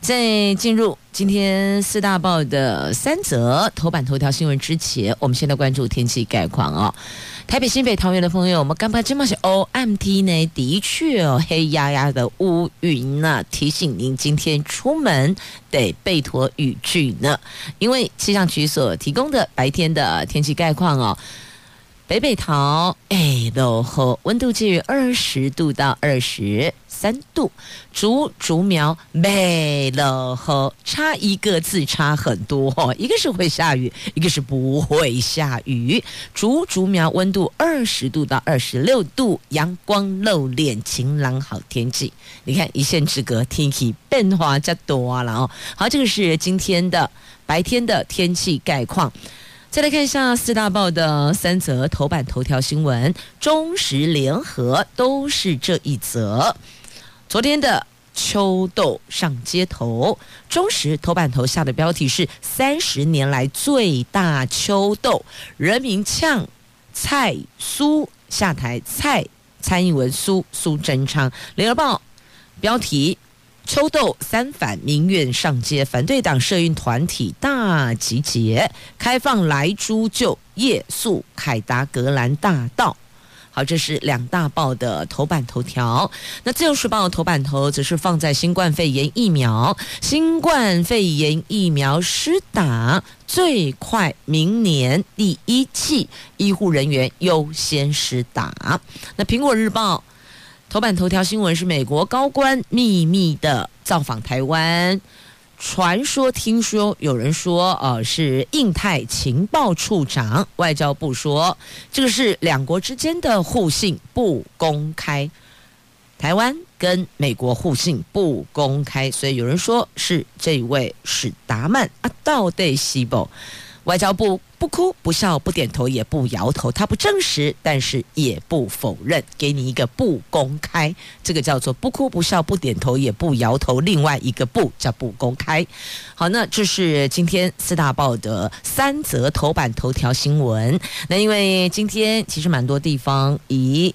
在進入今天四大報的三則頭版頭條新聞之前，我們先來關注天氣概況哦。台北、新北、桃園的朋友，我們乾不乾？今天 O M T 呢？的確哦，黑壓壓的烏雲啊！提醒您今天出門得備妥雨具呢，因為氣象局所提供的白天的天氣概況哦。北北桃哎，落、欸、雨，溫度介於二十度到二十三度。竹竹苗沒落雨，差一個字差很多，哦，一個是會下雨，一個是不會下雨。竹竹苗溫度二十度到二十六度，陽光露臉，晴朗好天氣。你看，一線之隔，天氣變化就多了哦。好，這個是今天的白天的天氣概況。再來看一下四大報的三則頭版頭條新聞，中時聯合都是這一則。昨天的秋鬥上街頭，中時頭版頭下的標題是“三十年來最大秋鬥，人民嗆蔡蘇下台蔡，蔡蔡英文蘇蘇貞昌。聯合報標題。秋鬥三反，民怨上街，反對黨社運團體大集結，開放萊豬就夜宿凱達格蘭大道。好，這是兩大報的頭版頭條。那自由時報的頭版頭則是放在新冠肺炎疫苗，新冠肺炎疫苗施打最快明年第一季，醫護人員優先施打。那蘋果日報。頭版頭條新聞是美國高官秘密的造訪台灣，傳說聽說有人說，呃，是印太情報處長，外交部說這個是兩國之間的互信不公開，台灣跟美國互信不公開，所以有人說是這位史達曼啊，道德西伯。外交部不哭不笑不點頭也不搖頭，他不證實，但是也不否認，給你一個不公開，這個叫做不哭不笑不點頭也不搖頭。另外一個不叫不公開。好，那這是今天四大報的三則頭版頭條新聞。那因為今天其實蠻多地方，以。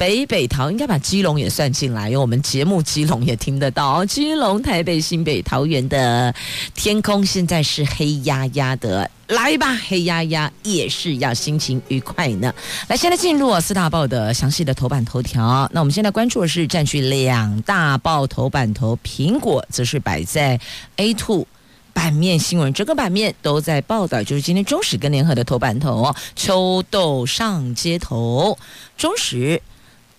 北北桃應該把基隆也算進來，因為我們節目基隆也聽得到。基隆、台北、新北、桃園的天空現在是黑壓壓的，來吧，黑壓壓也是要心情愉快呢。來，現在進入四大報的詳細的頭版頭條。那我們現在關注的是占據兩大報頭版頭，蘋果則是擺在 A2 版面新聞，整個版面都在報道，就是今天中時跟聯合的頭版頭哦。秋鬥上街頭，中時。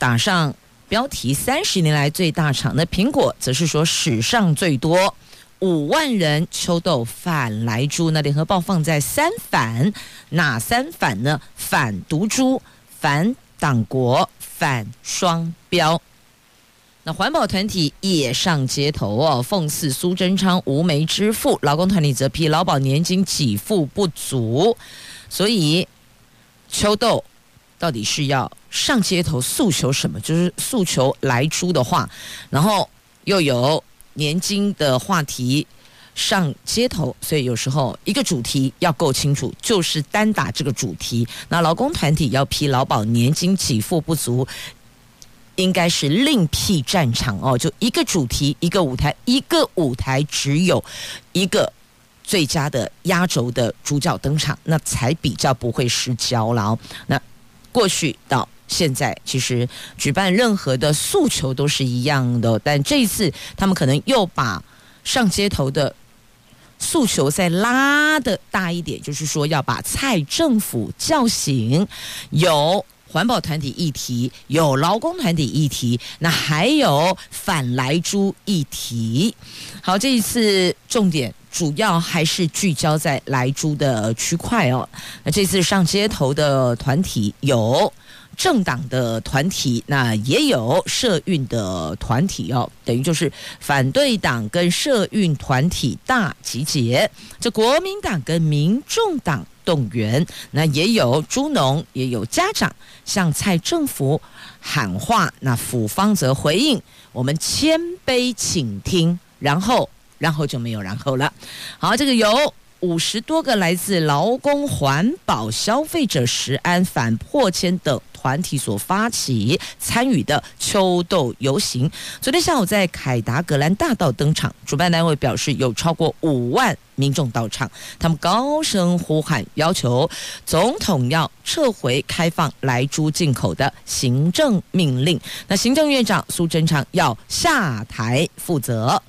打上標題，三十年來最大場的蘋果，則是說史上最多五萬人秋鬥反萊豬。那聯合報放在三反，哪三反呢？反毒豬，反黨國，反雙標。那環保團體也上街頭哦，諷刺蘇貞昌無媒之父。勞工團體則批勞保年金給付不足，所以秋鬥到底是要？上街頭訴求什麼？就是訴求萊豬的話，然後又有年金的話題上街頭，所以有時候一個主題要夠清楚，就是單打這個主題。那勞工團體要批勞保年金給付不足，應該是另闢戰場哦。就一個主題，一個舞台，一個舞台只有一個最佳的壓軸的主角登場，那才比較不會失焦了。那過去到。現在其實舉辦任何的訴求都是一樣的，但這一次他們可能又把上街頭的訴求再拉得大一點，就是說要把蔡政府叫醒，有環保團體議題，有勞工團體議題，那還有反萊豬議題。好，這一次重點主要還是聚焦在萊豬的區塊哦。那這次上街頭的團體有。政黨的團體，那也有社運的團體哦，等於就是反對黨跟社運團體大集結。這國民黨跟民眾黨動員，那也有豬農，也有家長向蔡政府喊話，那府方則回應，我們謙卑傾聽，然後然後就沒有然後了。好，這個有。五十多個來自勞工、環保、消費者、食安、反迫遷等團體所發起參與的秋鬥遊行，昨天下午在凱達格蘭大道登場。主辦單位表示，有超過五萬民眾到場，他們高聲呼喊，要求總統要撤回開放萊豬進口的行政命令。那行政院長蘇貞昌要下台負責。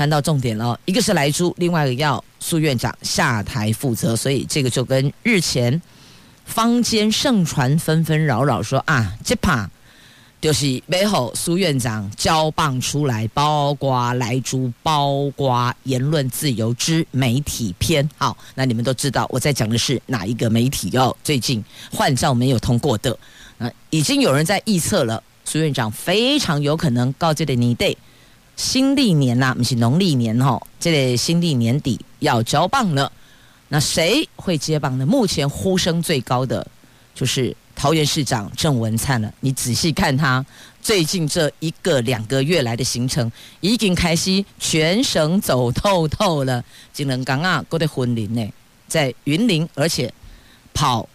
看到重點了。一個是萊豬，另外一個要蘇院長下台負責，所以這個就跟日前坊間盛傳紛紛擾擾說啊，這怕就是背後蘇院長交棒出來，包括萊豬，包括言論自由之媒體篇。好，那你們都知道我在講的是哪一個媒體哦？最近換照沒有通過的，啊、已經有人在預測了，蘇院長非常有可能告誡的你得新曆年吶、啊，不是農曆年哦。這個新曆年底要交棒了。那誰會接棒呢？目前呼聲最高的就是桃園市長鄭文燦了。你仔細看他最近這一個兩個月來的行程，已經開始全省走透透了。今天剛剛過得婚禮呢，在雲林，而且跑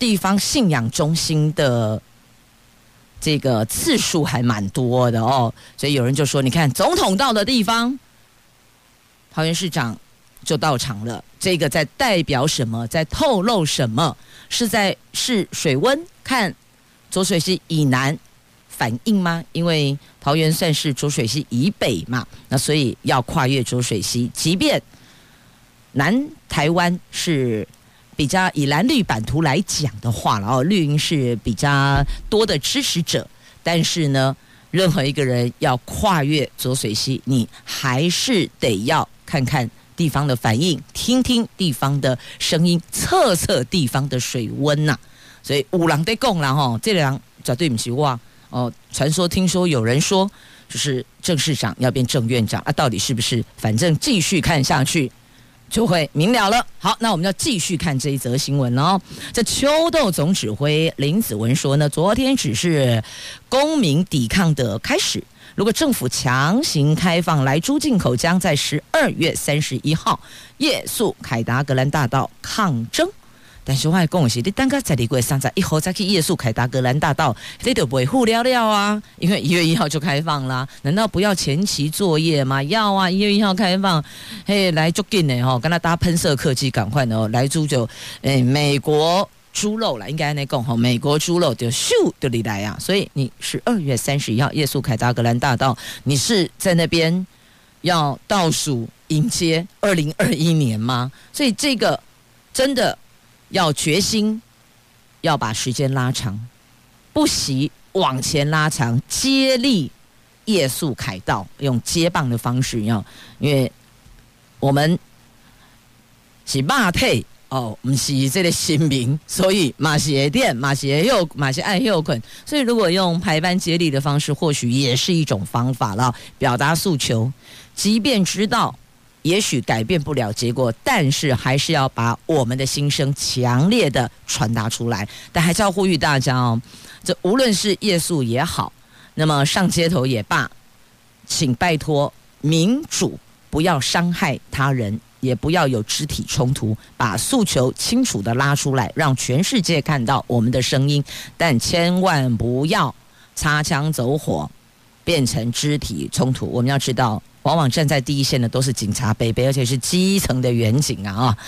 地方信仰中心的。這個次數還蠻多的哦，所以有人就說：“你看，總統到的地方，桃園市長就到場了。這個在代表什麼？在透露什麼？是在試水溫？看濁水溪以南反應嗎？因為桃園算是濁水溪以北嘛，那所以要跨越濁水溪，即便南台灣是。”比較以藍綠版圖來講的話，然後綠營是比較多的支持者，但是呢，任何一個人要跨越濁水溪，你還是得要看看地方的反應，聽聽地方的聲音，測測地方的水溫吶、啊。所以五郎得共啦，吼、哦、這兩、個、才對不起哇哦。傳說聽說有人說，就是鄭市長要變鄭院長啊，到底是不是？反正繼續看下去。就會明了了。好，那我們要繼續看這一則新聞哦。這秋豆總指揮林子文說呢，昨天只是公民抵抗的開始。如果政府強行開放萊豬進口，將在十二月三十一號夜宿凱達格蘭大道抗爭。但是我要講的是，你等到十二月三十一號再去夜宿凱達格蘭大道，你都袂糊了了啊！因為一月一號就開放啦，難道不要前期作業嗎？要啊！一月一號開放，嘿，來捉緊的吼，跟他搭噴射客機，趕快哦，來豬就誒、欸，美國豬肉了，應該那講吼，美國豬肉就咻就來呀。所以你十二月三十一號夜宿凱達格蘭大道，你是在那邊要倒數迎接二零二一年嗎？所以這個真的。要決心，要把時間拉長，不惜往前拉長，接力夜宿凱道，用接棒的方式啊，因為我們是馬腿哦，我們是這個新兵，所以馬鞋店馬鞋又馬鞋愛又睏，所以如果用排班接力的方式，或許也是一種方法了，表達訴求，即便知道。也許改變不了結果，但是還是要把我們的心聲強烈的傳達出來。但還是要呼籲大家哦，這無論是夜宿也好，那麼上街頭也罷，請拜託民主不要傷害他人，也不要有肢體衝突，把訴求清楚的拉出來，讓全世界看到我們的聲音。但千萬不要擦槍走火，變成肢體衝突。我們要知道。往往站在第一線的都是警察北北，而且是基層的員警啊。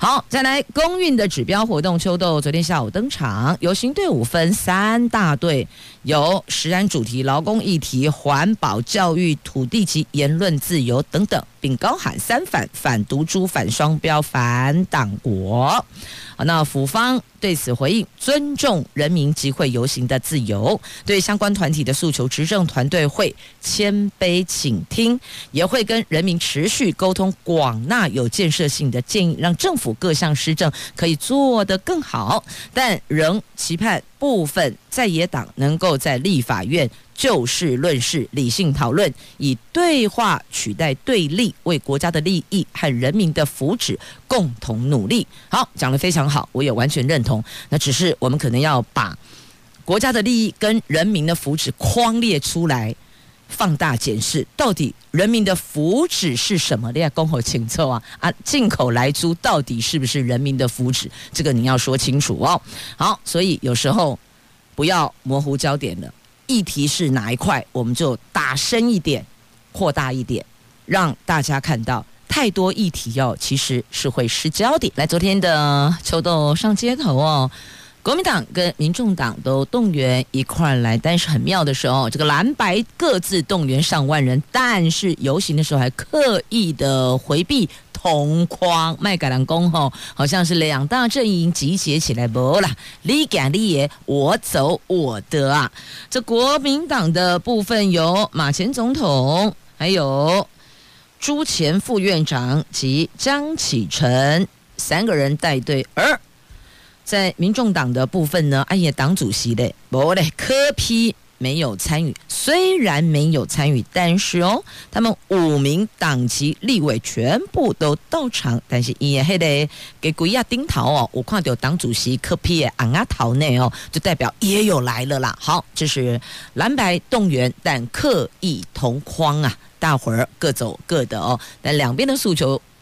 好，再來工運的指標活動，秋鬥昨天下午登場，遊行隊伍分三大隊，有食安主題、勞工議題、環保、教育、土地及言論自由等等。並高喊“三反”：反毒豬、反雙標、反黨國。那府方對此回應：尊重人民集會遊行的自由，對相關團體的訴求，執政團隊會謙卑傾聽，也會跟人民持續溝通，廣納有建設性的建議，讓政府各項施政可以做得更好。但仍期盼部分在野黨能夠在立法院。就事論事，理性討論，以對話取代對立，為國家的利益和人民的福祉共同努力。好，講得非常好，我也完全認同。那只是我們可能要把國家的利益跟人民的福祉框列出來，放大檢視，到底人民的福祉是什麼？另外，恭候請奏啊，啊，進口萊豬到底是不是人民的福祉？這個你要說清楚哦。好，所以有時候不要模糊焦點了。議題是哪一塊我們就打深一點，擴大一點，讓大家看到太多議題要、哦、其實是會失焦的。來，昨天的秋鬥上街頭哦。國民黨跟民眾黨都動員一塊兒來，但是很妙的時候，這個藍白各自動員上萬人，但是遊行的時候還刻意的迴避同框賣改欖工吼，好像是兩大陣營集結起來，不啦，你幹你的，我走我的啊。這國民黨的部分由馬前總統，還有朱前副院長及江啟臣三個人帶隊，而在民眾黨的部分呢，哎、啊、呀，黨主席的，不嘞，柯 P 沒有參與。雖然沒有參與，但是哦，他們五名黨籍立委全部都到場。但是也還得給鬼亞丁桃哦，我看到黨主席柯 P 嘅啊阿桃內哦，就代表也有來了啦。好，這、就是藍白動員，但刻意同框啊，大夥兒各走各的哦。但兩邊的訴求。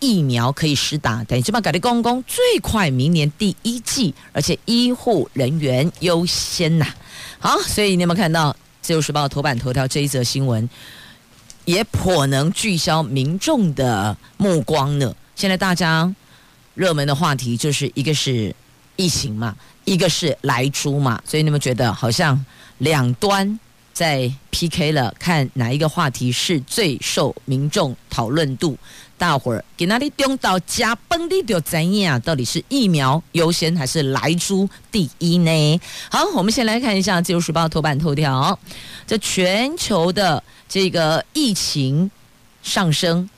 疫苗可以施打，等於這麼給力公公最快明年第一季，而且醫護人員優先吶、啊。好，所以你們看到自由時報頭版頭條這一則新聞，也頗能聚焦民眾的目光呢。現在大家熱門的話題就是一個是疫情嘛，一個是萊豬嘛，所以你們覺得好像兩端在 PK 了，看哪一個話題是最受民眾討論度。大夥兒，給那裡丟到家蹦地，要怎樣？到底是疫苗優先還是萊豬第一呢？好，我們先來看一下《自由時報》頭版頭條。在全球的這個疫情上升，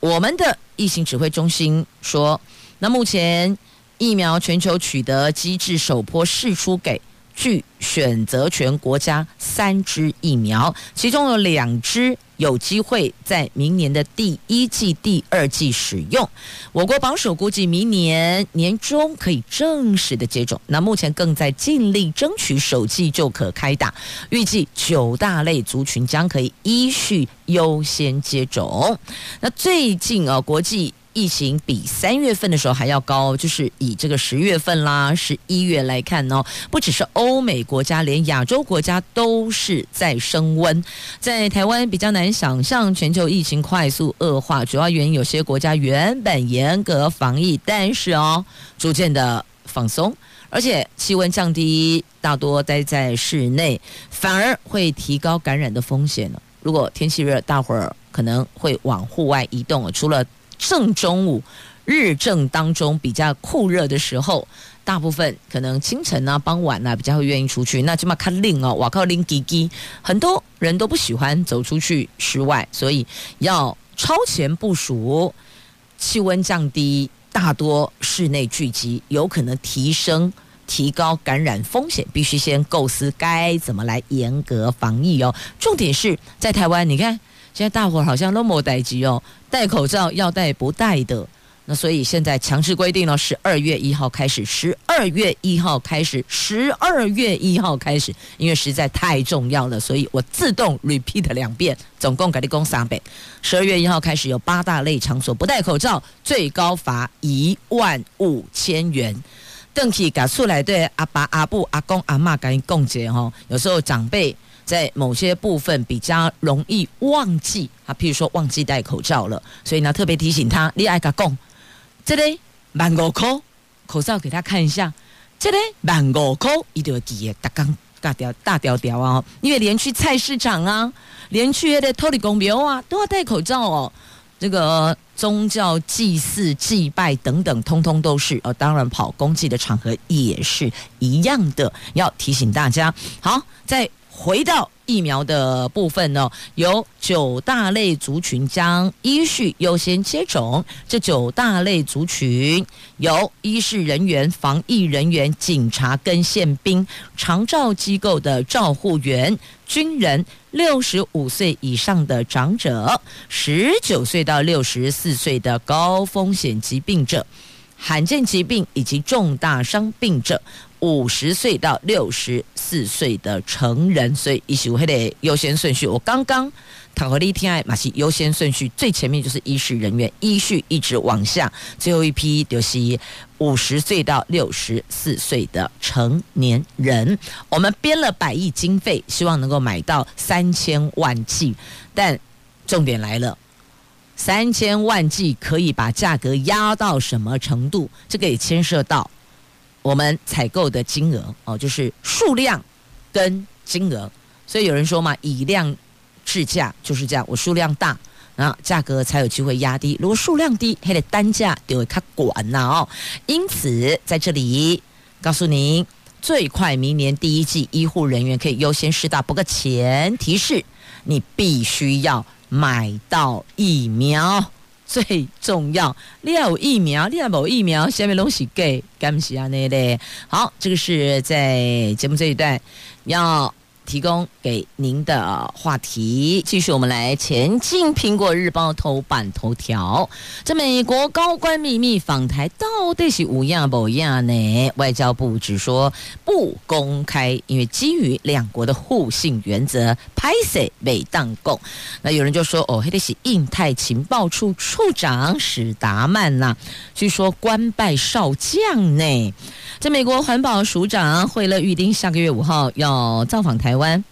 我們的疫情指揮中心說，那目前疫苗全球取得機制首波釋出，給具選擇權國家三支疫苗，其中有兩支。有機會在明年的第一季、第二季使用。我國保守估計明年年中可以正式的接種，那目前更在盡力爭取首季就可開打。預計九大類族群將可以依序優先接種。那最近啊，國際。疫情比三月份的時候還要高，就是以這個十月份啦，十一月來看呢，哦，不只是歐美國家，連亞洲國家都是在升溫。在台灣比較難想象，全球疫情快速惡化，主要原因有些國家原本嚴格防疫，但是哦，逐漸的放鬆，而且氣溫降低，大多待在室內，反而會提高感染的風險呢。如果天氣熱，大夥兒可能會往戶外移動，除了正中午，日正當中比較酷熱的時候，大部分可能清晨啊、傍晚啊比較會願意出去。那今嘛看令哦，瓦靠令滴滴，很多人都不喜歡走出去室外，所以要超前部署，氣溫降低，大多室內聚集，有可能提升、提高感染風險，必須先構思該怎麼來嚴格防疫哦。重點是在台灣，你看。現在大夥好像都沒戴起哦，戴口罩要戴不戴的，那所以現在強制規定呢？是二月一號開始，十二月一號開始，十二月一號開,開始，因為實在太重要了，所以我自動 repeat 兩遍，總共給你講三遍。十二月一號開始有八大類場所不戴口罩，最高罰一萬五千元。鄧啟，趕出來對阿爸、阿布、阿公、阿嬤趕緊共結哦。有時候長輩。在某些部分比較容易忘記啊，譬如說忘記戴口罩了，所以呢特別提醒他。你愛他工，這裡萬個口口罩給他看一下。這裡萬個口一定要記得打工大調調啊、哦！因為連去菜市場啊，連去那個土地公廟啊，都要戴口罩哦。這、那個、呃、宗教祭祀、祭拜等等，通通都是哦。當然，跑公祭的場合也是一樣的，要提醒大家。好，在回到疫苗的部分呢、哦，有九大類族群將依序優先接種。這九大類族群有：醫事人員、防疫人員、警察跟憲兵、長照機構的照護員、軍人、六十五歲以上的長者、十九歲到六十四歲的高風險疾病者、罕見疾病以及重大傷病者。五十歲到六十四歲的成人，所以一起我們的優先順序。我剛剛討一天，聽，還是優先順序最前面就是醫事人員，依序一直往下，最後一批就是五十歲到六十四歲的成年人。我們編了百億經費，希望能夠買到三千萬劑，但重點來了，三千萬劑可以把價格壓到什麼程度？這個也牽涉到。我們採購的金額哦，就是數量跟金額，所以有人說嘛，以量制價就是這樣，我數量大，那價格才有機會壓低。如果數量低，它的單價就會看管了哦。因此，在這裡告訴您，最快明年第一季醫護人員可以優先試打，不過前提是你必須要買到疫苗。.最重要，你愛有疫苗，你愛冇疫苗，下面攏是假，不起啊內咧。好，這個是在節目這一段要提供給您的話題，繼續我們來前進。蘋果日報頭版頭條：這美國高官秘密訪台，到底是烏亞不亞呢？外交部只說不公開，因為基於兩國的互信原則，歹勢未當講。那有人就說哦，嘿，這是印太情報處處長史達曼吶、啊，據說官拜少將呢。這美國環保署長惠勒預定下個月五號要造訪台台灣，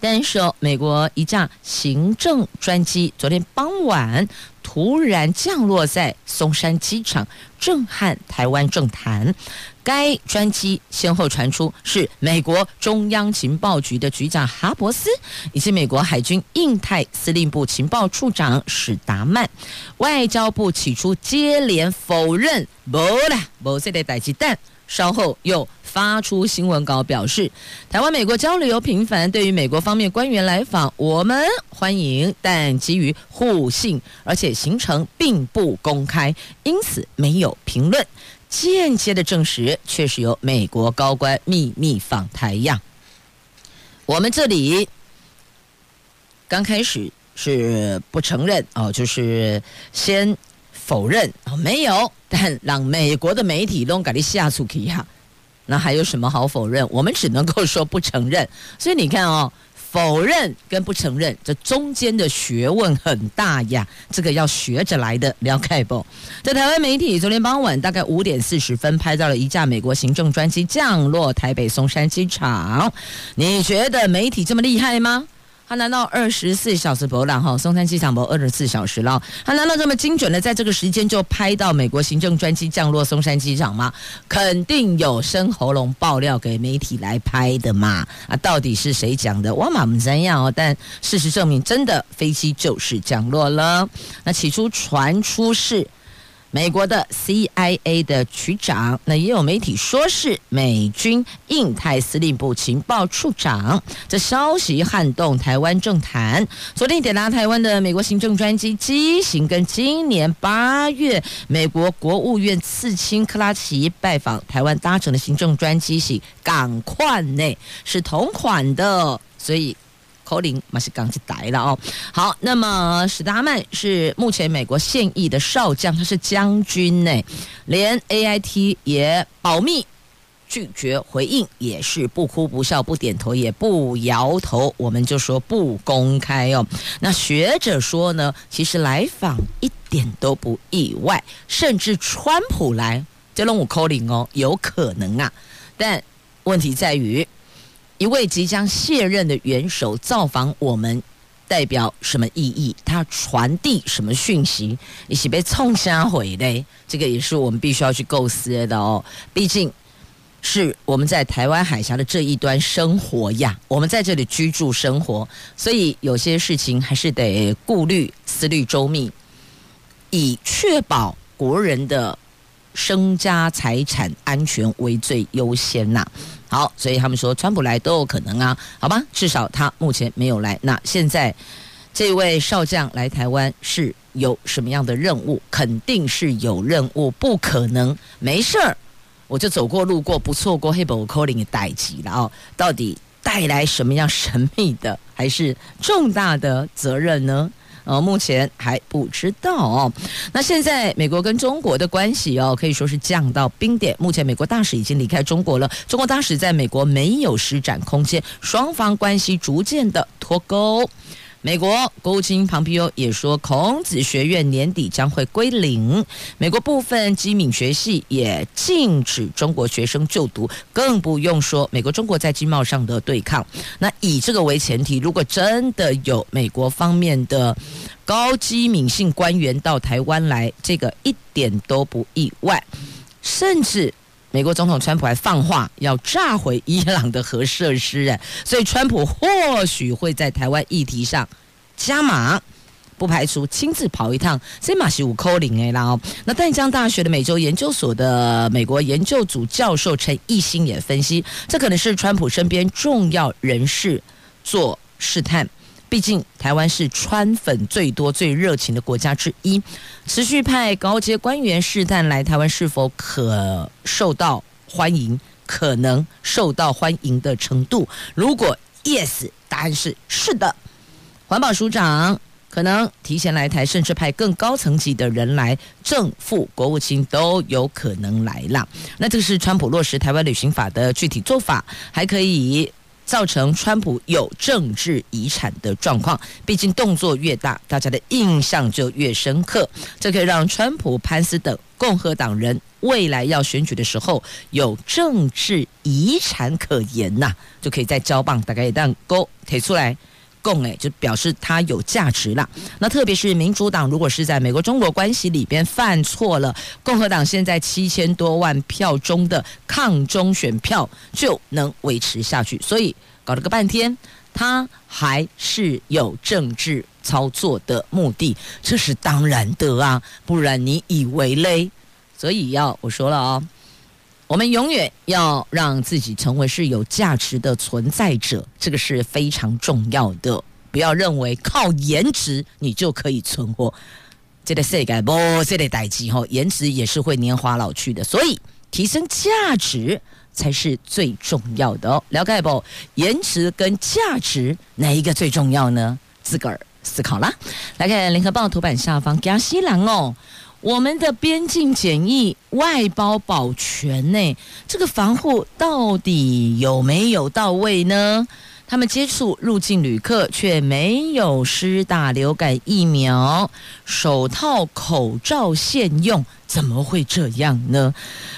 但是哦，美國一架行政專機昨天傍晚突然降落在松山機場，震撼台灣政壇。該專機先後傳出是美國中央情報局的局長哈伯斯，以及美國海軍印太司令部情報處長史達曼。外交部起初接連否認，無啦，無這個代誌，稍後又。發出新聞稿表示，台灣美國交流頻繁，對於美國方面官員來訪，我們歡迎，但基於互信，而且行程並不公開，因此沒有評論。間接的證實，確實有美國高官秘密訪台呀。我們這裡剛開始是不承認哦，就是先否認哦，沒有，但讓美國的媒體都給你寫出去哈。那還有什麼好否認？我們只能夠說不承認。所以你看哦，否認跟不承認這中間的學問很大呀，這個要學着來的。了解不？在台灣媒體昨天傍晚大概五點四十分拍到了一架美國行政專機降落台北松山機場。你覺得媒體這麼厲害嗎？他難道二十四小時博覽哈？松山機場博二十四小時了。他難道這麼精準的在這個時間就拍到美國行政專機降落松山機場嗎？肯定有深喉嚨爆料給媒體來拍的嘛！啊，到底是誰講的？我滿不怎樣哦，但事實證明真的飛機就是降落了。那起初傳出是。美國的 CIA 的局長，那也有媒體說是美軍印太司令部情報處長，這消息撼動台灣政壇。昨天抵達台灣的美國行政專機機型，跟今年八月美國國務院次卿克拉奇拜訪台灣搭乘的行政專機型港款內是同款的，所以。剛來了哦，好，那麼史達曼是目前美國現役的少將，他是將軍呢，連 AIT 也保密拒絕回應，也是不哭不笑不點頭也不搖頭，我們就說不公開哦。那學者說呢，其實來訪一點都不意外，甚至川普來接龍我 c 零哦，有可能啊，但問題在於。一位即將卸任的元首造訪我們，代表什麼意義？他傳遞什麼訊息？你是被沖下回的，這個也是我們必須要去構思的哦。畢竟，是我們在台灣海峽的這一端生活呀，我們在這裡居住生活，所以有些事情還是得顧慮、思慮周密，以確保國人的，身家財產安全為最優先吶、啊。好，所以他們說川普來都有可能啊，好吧，至少他目前沒有來。那現在這位少將來台灣是有什麼樣的任務？肯定是有任務，不可能沒事兒我就走過路過不錯過。黑白講的代誌了啊、哦，到底帶來什麼樣神秘的還是重大的責任呢？呃、哦，目前還不知道。那現在美國跟中國的關係哦，可以說是降到冰點。目前美國大使已經離開中國了，中國大使在美國沒有施展空間，雙方關係逐漸的脫鈎。美國國務卿龐皮歐也說，孔子學院年底將會歸零。美國部分機敏學系也禁止中國學生就讀，更不用說美國中國在經貿上的對抗。那以這個為前提，如果真的有美國方面的高機敏性官員到台灣來，這個一點都不意外，甚至。美國總統川普還放話要炸毀伊朗的核設施，所以川普或許會在台灣議題上加碼，不排除親自跑一趟。這也是有可能的啦。那淡江大學的美洲研究所的美國研究組教授陳一新也分析，這可能是川普身邊重要人士做試探。畢竟，台灣是川粉最多、最熱情的國家之一，持續派高階官員試探來台灣是否可受到歡迎，可能受到歡迎的程度。如果 yes，答案是是的。環保署長可能提前來台，甚至派更高層級的人來，政府、國務卿都有可能來了。那這個是川普落實台灣旅行法的具體做法，還可以。造成川普有政治遺產的狀況，畢竟動作越大，大家的印象就越深刻。這可以讓川普、潘斯等共和黨人未來要選舉的時候有政治遺產可言吶、啊，就可以再交棒，大概也當勾，提出來。共誒就表示它有價值啦。那特別是民主黨，如果是在美國中國關係裡邊犯錯了，共和黨現在七千多萬票中的抗中選票就能維持下去。所以搞了個半天，他還是有政治操作的目的，這是當然的啊，不然你以為嘞？所以要我說了啊、哦。我們永遠要讓自己成為是有價值的存在者，這個是非常重要的。不要認為靠顏值你就可以存活，這類衰改不，這類歹機哈，顏值也是會年華老去的。所以提升價值才是最重要的哦。了解不？顏值跟價值哪一個最重要呢？自個兒思考啦。來看《聯合報》頭版下方，加西蘭哦。我們的邊境檢疫外包保全呢，這個防護到底有沒有到位呢？他們接觸入境旅客卻沒有施打流感疫苗，手套、口罩限用。怎麼會這樣呢？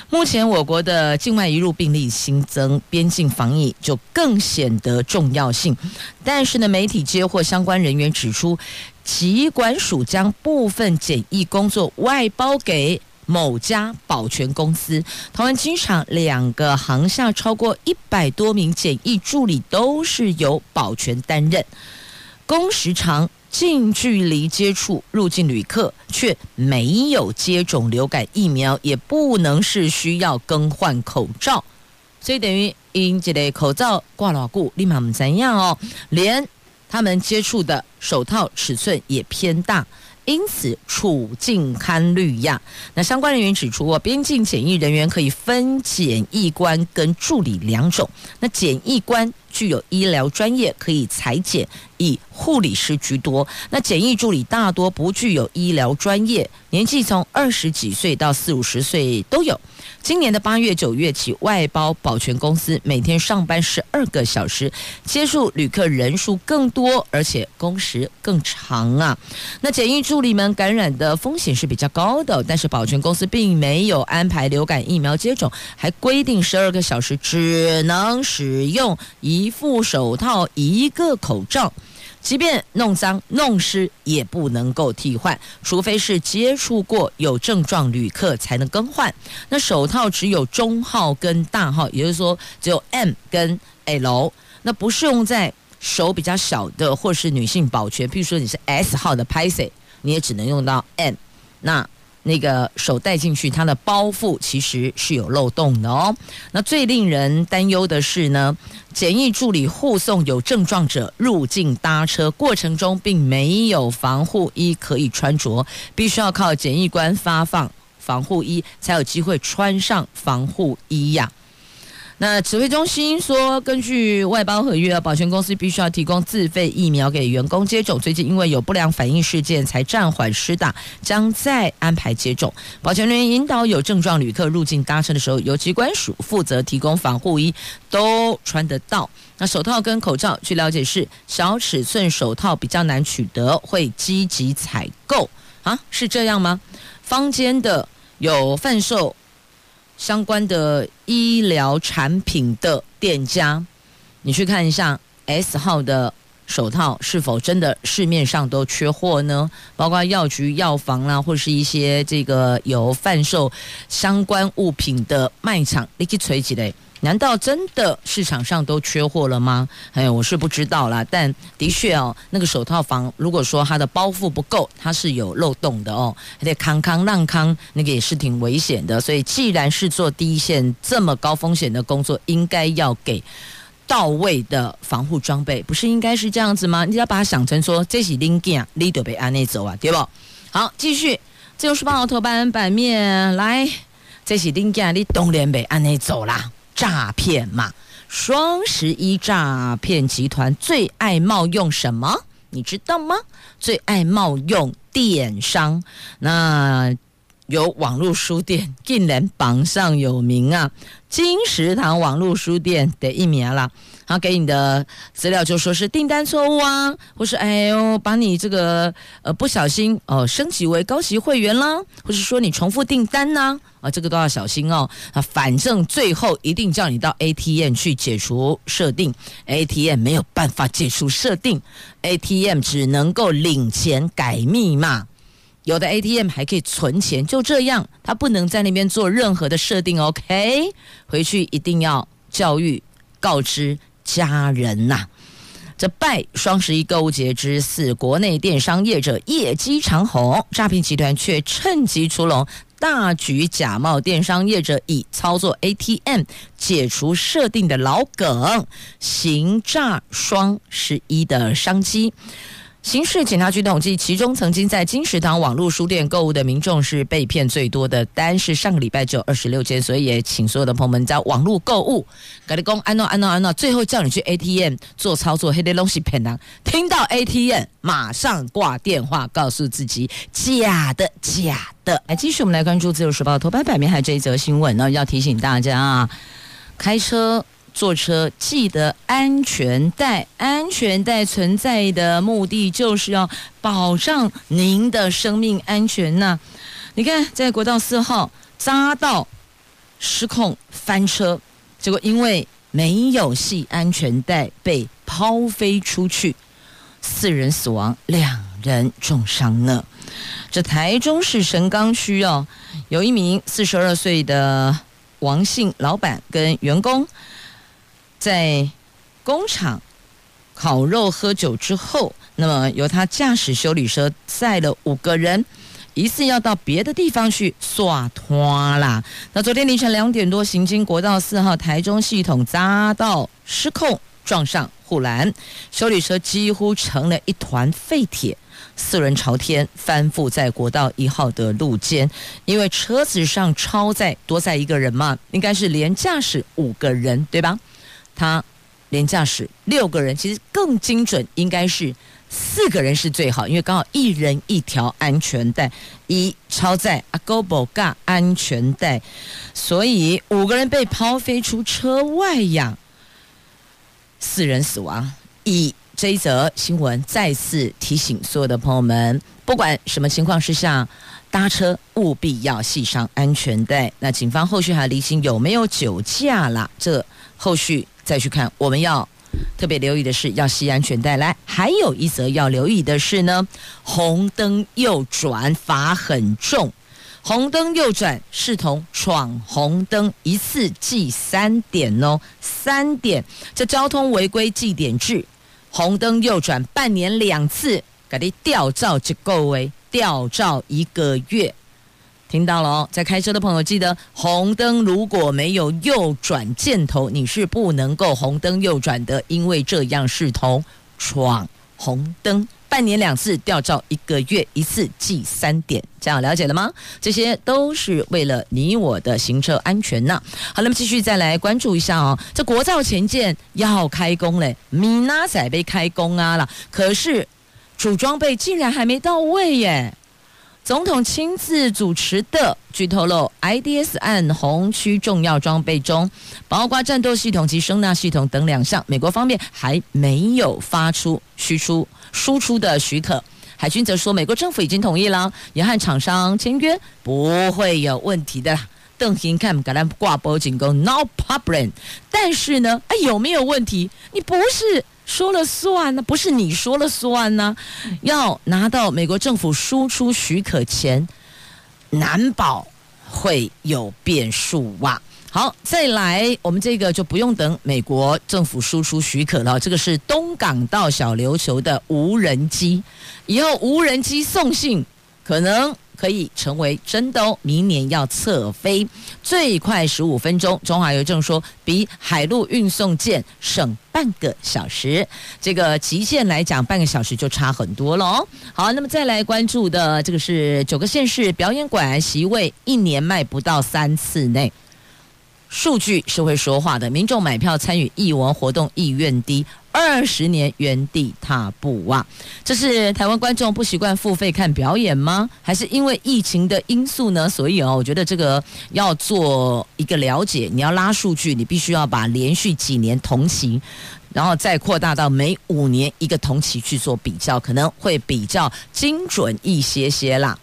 目前我國的境外移入病例新增，邊境防疫就更顯得重要性。但是呢，媒體接獲相關人員指出，疾管署將部分檢疫工作外包給某家保全公司。台灣機場兩個航廈超過一百多名檢疫助理都是由保全擔任，工時長。近距離接觸入境旅客卻沒有接種流感疫苗，也不能是需要更換口罩，所以等於因這個口罩掛牢固，立馬們怎樣哦，連他們接觸的手套尺寸也偏大。因此處境堪慮呀。那相關人員指出，哦，邊境檢疫人員可以分檢疫官跟助理兩種。那檢疫官具有醫療專業，可以採檢，以護理師居多。那檢疫助理大多不具有醫療專業，年紀從二十幾歲到四五十歲都有。今年的八月、九月起，外包保全公司每天上班十二個小時，接觸旅客人數更多，而且工時更長啊。那檢疫助理們感染的風險是比較高的，但是保全公司並沒有安排流感疫苗接種，還規定十二個小時只能使用一副手套、一個口罩。即便弄髒、弄濕也不能夠替換，除非是接觸過有症狀旅客才能更換。那手套只有中號跟大號，也就是說只有 M 跟 L。那不適用在手比較小的或是女性保全，譬如說你是 S 號的 p i y 你也只能用到 M。那那個手帶進去，它的包覆其實是有漏洞的哦。那最令人擔憂的是呢，檢疫助理護送有症狀者入境搭車過程中，並沒有防護衣可以穿着，必須要靠檢疫官發放防護衣，才有機會穿上防護衣呀、啊。那指揮中心說，根據外包合約，保全公司必須要提供自費疫苗給員工接種。最近因為有不良反應事件，才暫緩施打，將再安排接種。保全人員引導有症狀旅客入境搭乘的時候，由疾管署負責提供防護衣，都穿得到。那手套跟口罩，據了解是小尺寸手套比較難取得，會積極採購。啊，是這樣嗎？坊間的有販售。相關的醫療產品的店家，你去看一下 S 號的手套是否真的市面上都缺貨呢？包括藥局、藥房啦、啊，或是一些這個有販售相關物品的賣場，你去垂起來。難道真的市場上都缺貨了嗎？哎，我是不知道啦。但的確哦，那個手套房，如果說它的包袱不夠，它是有漏洞的哦。還得康康浪康，那個也是挺危險的，所以既然是做第一線這麼高風險的工作，應該要給到位的防護裝備，不是應該是這樣子嗎？你要把它想成說，這是領件 leader 被安內走啊，對不？好，繼續，這就是報頭版版面來，這是領件你當然被安內走啦。詐騙嘛，雙十一詐騙集團最愛冒用什麼？你知道嗎？最愛冒用電商，那有網絡書店，竟然榜上有名啊！金石堂網絡書店第一名啦。他、啊、給你的資料就說是訂單錯誤啊，或是哎呦把你這個呃不小心哦、呃、升級為高級會員啦，或是說你重複訂單呢啊，啊，這個都要小心哦。啊，反正最後一定叫你到 ATM 去解除設定，ATM 沒有辦法解除設定，ATM 只能夠領錢改密碼，有的 ATM 還可以存錢，就這樣，他不能在那邊做任何的設定。OK，回去一定要教育告知。家人吶、啊，這拜雙十一購物節之賜，國內電商業者業績長紅，詐騙集團卻趁機出籠，大舉假冒電商業者，以操作 ATM 解除設定的老梗，行詐雙十一的商機。刑事警察局統計，其中曾經在金石堂網絡書店購物的民眾是被騙最多的單，單是上個禮拜就有二十六件。所以也請所有的朋友們在網絡購物，給他公安鬧安鬧安鬧，最後叫你去 ATM 做操作，黑的東西騙人。聽到 ATM，馬上掛電話，告訴自己假的，假的。來，繼續我們來關注自由時報的頭版版面，還有這一則新聞呢，要提醒大家啊，開車。坐車記得安全帶，安全帶存在的目的就是要保障您的生命安全啊。那你看，在國道四號匝道失控翻車，結果因為沒有繫安全帶，被拋飛出去，四人死亡，兩人重傷呢。這台中市神岡區哦，有一名四十二歲的王姓老闆跟員工在工廠烤肉喝酒之後，那麼由他駕駛休旅車載了五個人，疑似要到別的地方去續攤啦。那昨天凌晨兩點多，行經國道四號台中系統匝道失控，撞上護欄，休旅車幾乎成了一團廢鐵，四輪朝天翻覆在國道一號的路肩。因為車子上超載多載一個人嘛，應該是連駕駛五個人對吧？他連駕駛六個人，其實更精準應該是四個人是最好，因為剛好一人一條安全帶。一超載，Agobo 嘎安全帶，所以五個人被拋飛出車外，呀。四人死亡。以這一則新聞再次提醒所有的朋友們，不管什麼情況之下搭車務必要繫上安全帶。那警方後續還要釐清有沒有酒駕啦。這個、後續。再去看，我們要特別留意的是，要繫安全帶。來，還有一則要留意的是呢，紅燈右轉罰很重，紅燈右轉視同闖紅燈，一次記三點哦，三點。這交通違規記點制，紅燈右轉半年兩次，給你吊照就夠，為吊照一個月。聽到了，哦，在開車的朋友，記得紅燈如果沒有右轉箭頭，你是不能夠紅燈右轉的，因為這樣是同闖紅燈，半年兩次吊照，一個月一次記三點，這樣了解了嗎？這些都是為了你我的行車安全吶，啊。好，那麼繼續再來關注一下哦，這國造潛艦要開工嘞，米娜仔被開工啊了，可是主裝備竟然還沒到位耶。總統親自主持的，據透露，IDS 案紅區重要裝備中，包括戰鬥系統及聲納系統等兩項，美國方面還沒有發出輸出輸出的許可。海軍則說，美國政府已經同意了，也和廠商簽約，不會有問題的。鄧行看，給他掛波進攻，no problem。但是呢，哎，有沒有問題？你不是。說了算呢？不是你說了算呢？要拿到美國政府輸出許可前，難保會有變數哇、啊。好，再來，我們這個就不用等美國政府輸出許可了。這個是東港到小琉球的無人機，以後無人機送信可能。可以成為真的哦，明年要測飛，最快十五分鐘。中華郵政說比海陸運送件省半個小時，這個極限來講，半個小時就差很多咯。好，那麼再來關注的這個是九個縣市表演館席位，一年賣不到三次內。數據是會說話的，民眾買票參與藝文活動意願低，二十年原地踏步啊！這是台灣觀眾不習慣付費看表演嗎？還是因為疫情的因素呢？所以哦，我覺得這個要做一個了解，你要拉數據，你必須要把連續幾年同期，然後再擴大到每五年一個同期去做比較，可能會比較精準一些些啦。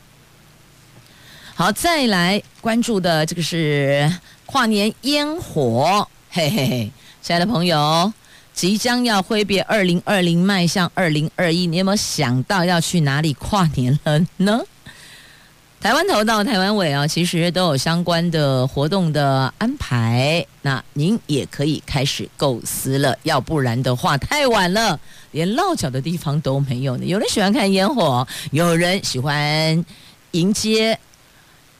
好，再來關注的這個是。跨年煙火，嘿嘿嘿，親愛的朋友，即將要揮別二零二零，邁向二零二一，你有沒有想到要去哪裡跨年了呢？台灣頭到台灣尾啊、哦，其實都有相關的活動的安排，那您也可以開始構思了，要不然的話太晚了，連落腳的地方都沒有呢。有人喜歡看煙火，有人喜歡迎接，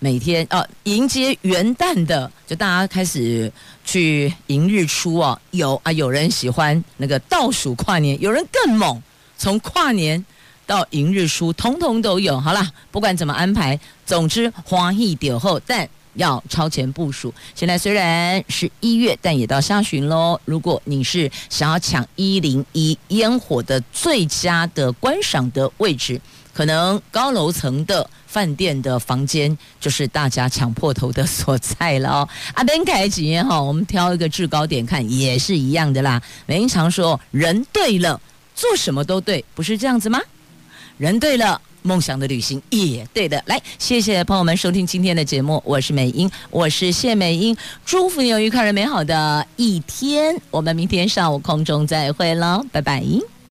每天啊，迎接元旦的，就大家開始去迎日出哦，有啊，有人喜歡那個倒數跨年，有人更猛，從跨年到迎日出，通通都有。好啦，不管怎麼安排，總之歡喜就好，但要超前部署。現在雖然是一月，但也到下旬嘍。如果你是想要搶一零一煙火的最佳的觀賞的位置。可能高樓層的飯店的房間就是大家搶破頭的所在了哦。阿 Ben 凱吉哈，我們挑一個制高點看，也是一樣的啦。美英常說，人對了，做什麼都對，不是這樣子嗎？人對了，夢想的旅行也對的。來，謝謝朋友們收聽今天的節目，我是美英，我是謝美英，祝福你有愉快而美好的一天。我們明天上午空中再會嘍，拜拜。